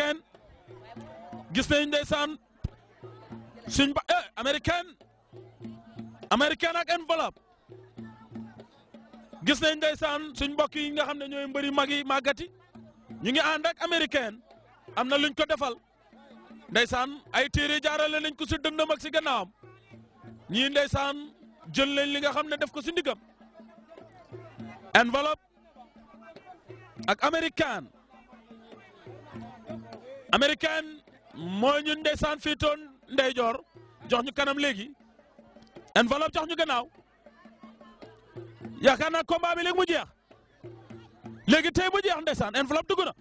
américaine gis nañu saan suñ ba eh américaine américaine ak enveloppe gis nañ saan suñ mbokk yi nga xam ne ñooy mbëri mag yi màggati ñu ngi ànd ak américaine am na luñ ko defal ndeysaan ay téere jaarale nañ ko si dëndam ak si gannaawam ñii ndeysaan jël nañ li nga xam ne def ko si ndigam enveloppe ak américaine américaine mooy ñun ndeysaan ndeyjoor jox ñu kanam léegi enveloppe jox ñu gannaaw yaakaar naa combat bi léegi mu jeex léegi tey mu jeex ndeysaan enveloppe dugg na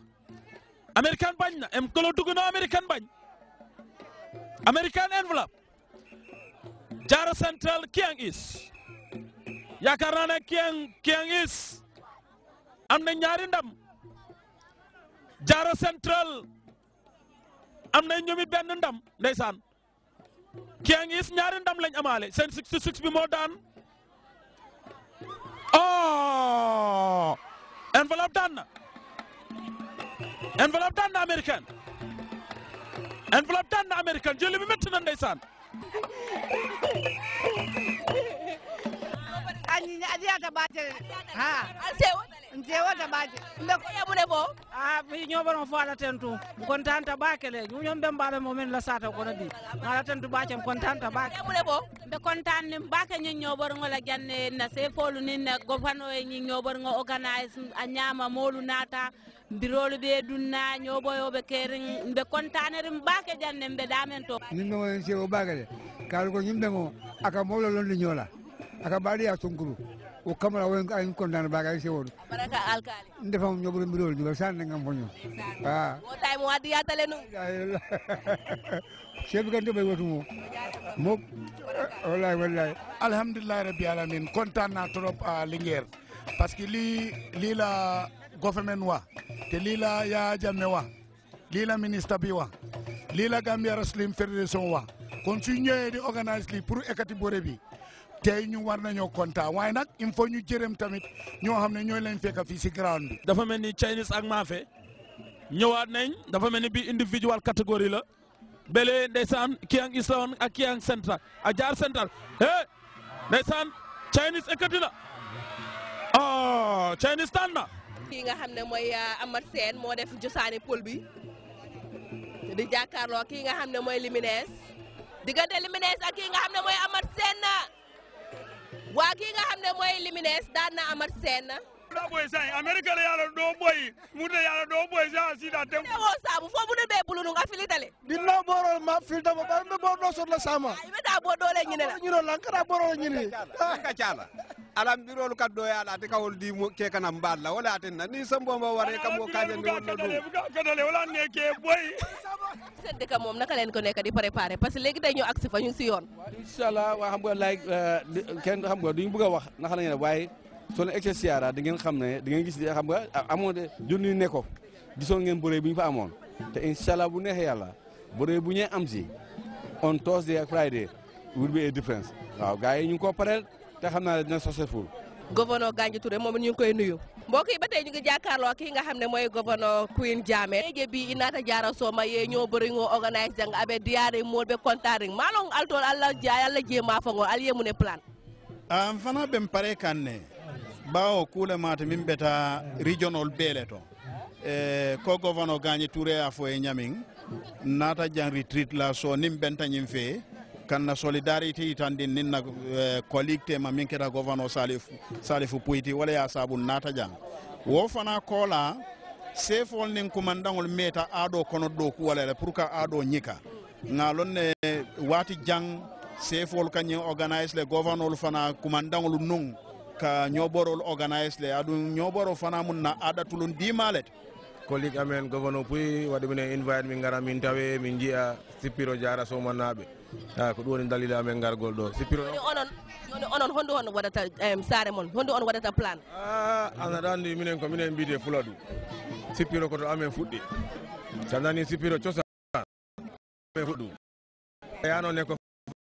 américaine bañ na enveloppe dugg na américaine bañ américaine enveloppe jaara central kiang is yaakaar naa ne kiang kiang is am na ñaari ndam jaara central am nañ ñoom it benn ndam ndeysaan kii ngi ñaari ndam lañ amaale seen six six bi moo daan oh enveloppe daan na enveloppe daan na américaine enveloppe daan na américaine jëli bi métti na ndeysaan añi ñaadiyaata baatele ha jewata ah, baje mbe ko yabule bo ah mi ñobono fo ala tentu kontanta baake le ñom be mbala mo men la sata ko nabi ala tentu baake kontanta baake yabule bo be kontan nim baake ñin ñobor ngola janne na se folu na gofano e ñi ñobor organise a ñama molu naata birolu be dunna ñoboyo be mbe be kontanerim baake janne mbe damen to ñim ngo se o baake le kaal ko ñim be aka molo lon ñola aka bari sunkuru o kamara won ayin condamné baga ay sewodu baraka alkali ndefa mo ñobro mbirol ñu san ngam fonyo wa o tay mo wadi yatale bay watu mo mo eh, wallahi wallahi alhamdulillah rabbil alamin kontaan trop à Linguère parce que lii lii la government wa te lii la Yaya Jammeh wa lii la ministre bi wa lii la Gambia Wrestling Federation wa kon di organise lii pour ekati bore bi tey ñu war nañoo kontaan waaye nag il faut ñu jërëm tamit ñoo xam ne ñooy leen fekk fii si ground bi. dafa mel ni Chinese ak Maafe ñëwaat nañ dafa mel ni bii individual catégorie la bële ndeysaan kii ak Islam ak kii ak central ak jaar central hey ndeysaan Chinese ekkati na oh, Chinese tànn na. kii nga xam ne mooy uh, Amat Seen moo def josaani pol bi di jàkkaarloo kii nga xam ne mooy Liminès diggante Liminès ak kii mooy Amat Seen na. waa kii nga xam ne mooy Liminès daan na Amar Sène la boy sai america la yala do boy mude yala do boy sa si da tem wo sabu fo mude be bulu nga filitale dinna borol ma filta ba bar be bo do sot la sama ay beta bo dole ñine la ñino lankara borol ñine lankara chala alam biro lu kado ya kawol di ke kana mballa wala ate na ni sambo ma ware kam ko kaje ni wala do kadale wala ne ke boy sedde kam mom naka len ko nekk di préparer parce que legi day ñu aksi fa ñu ci inshallah wa xam nga like eh, ken xam nga duñu bëgg wax naka la ngeen waye so na excès siara dengan ngeen xam ne da ngeen gis xam nga amoon de junni ne ko gisoon ngeen bëre bu fa te inshallah bu neexee yàlla bëre bu am on Thursday ak Friday will be a difference waaw gars yi ñu ko te xam naa dina successful gouverneur Gandhi Touré moom ñu ngi koy nuyu mbokk yi ba tey ñu ngi jàkkaarloo ki nga xam ne mooy gouverneur Queen diame eje bi inata jara soma ye ñoo bëri ngoo organise jang abe diyaare mool be kontaring maalong altol alla jaya alla jeema fango al yemu ne plan am ah, fana bem pare kan ne bawo kule mata min beta regional bele to eh, ko gouverneur Gandhi Touré a fo ñaming e ñamin nata jang retreat la so nim benta ñim fee kanna solidarité tandin ninna colleague eh, ma min keta gouverneur salif salifu puiti wala ya sabu nata jang wo fana kola sefol nin kumandangol meta ado kono ku wala pour que aɗo ñika ga ne wati jang sefol kañin organise le gouvernol fana kumandangol nun ka nyoborol organise le aɗum nyoboro fana mum na aɗa tulun dimalet collegue amen gouverneur puy waɗi mine invite min gara min tawe min jiiya sippiro jara somannaɓe a ko ɗum woni dalila amen gargol ɗo sippiro onon joni onon honɗu on waɗata sare moon honɗu on waɗata plan a anaɗa andi minen ko minen mbiyete fuladu du sippiro koto amen fuɗɗi so nani sippiro cosa amen fuɗɗum yano ne ko